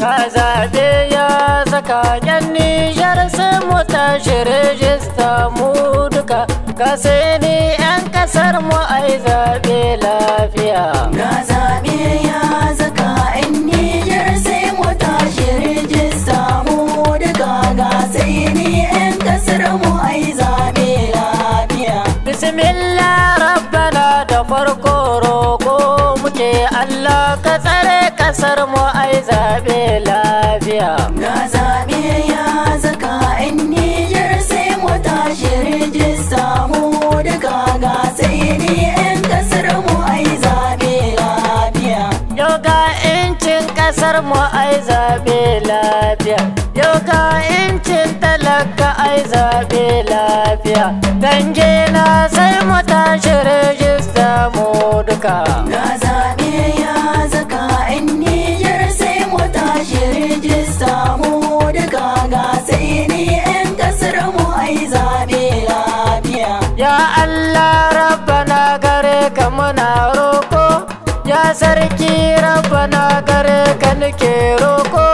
ka zaɓe ya saka yan nijar sai mu tashi rijista mu duka ka sai ni yan kasar mu ai zaɓe lafiya na zaɓe Allah ka tsare kasar mu ai zabe lafiya ga zabe ya zaka in sai mu tashi rijista mu daga ga sai ni in kasar mu ai zabe lafiya yau ga incin kasar mu ai zabe lafiya yau ga incin talaka ai zabe lafiya dange na sai mu tashi rijista mu duka ga sarki rabbana gare ka ke roko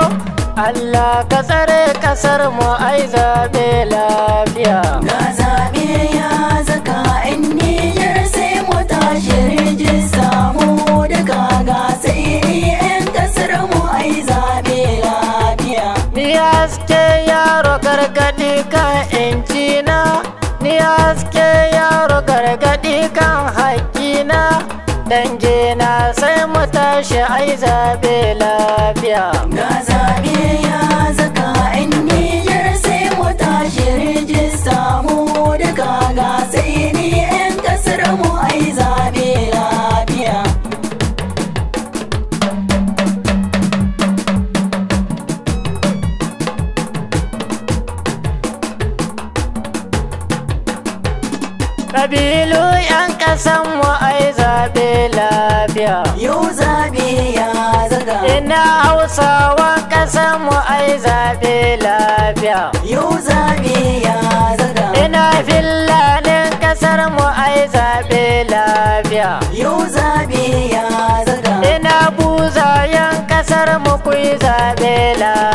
Allah ka tsare kasar mu ai zabe lafiya ga zabe ya zaka in Niger sai mu tashi rijista mu daga ga sai in kasar mu ai zabe lafiya ya haske yaro gargadi ka zanje na sai mu tashi ai zabe lafiya. na zabe ya zaka Kabilu 'yan ƙasan mu ai zabe lafiya. Yau zabe ya zaga. Ina Hausawa ƙasan mu ai zabe lafiya. Yau zabe ya zaga. Ina filanin kasar mu ai zabe lafiya. Yau zabe ya zaga. Ina Buza yan kasar mu kuyi zaɓe lafiya.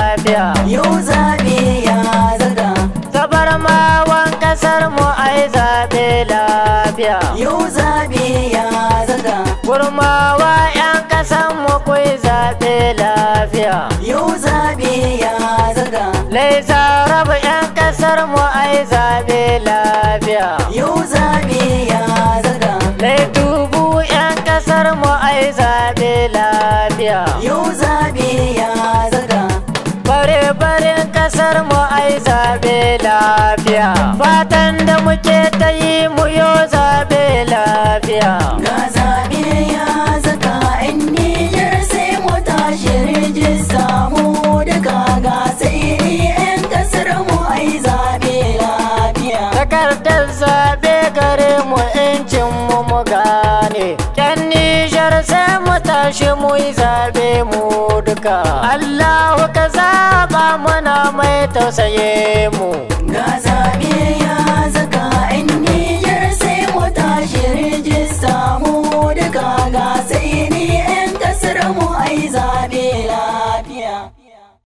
zaga yau zabe ya zaga gurmawa yan kasan mu kai zaɓe lafiya yau zaɓe ya zaga laisa rabu yan ƙasar mu ai zabe lafiya yau zaɓe ya zaga lai dubu yan ƙasar mu ai zabe lafiya yau zaɓe ya zaga bare barin kasar mu ai zabe lafiya fatan da muke ta yi mu yo zaɓe. lafiya ga zaɓe ya zaka in nijar sai mu tashi rijista mu daga ga sai yan kasar mu ai zaɓe lafiya takardar zaɓe gare mu yancin mu mu gane yan nijar sai mu tashi mu yi zaɓe mu duka Allahu ka zaɓa mana mai tausaye mu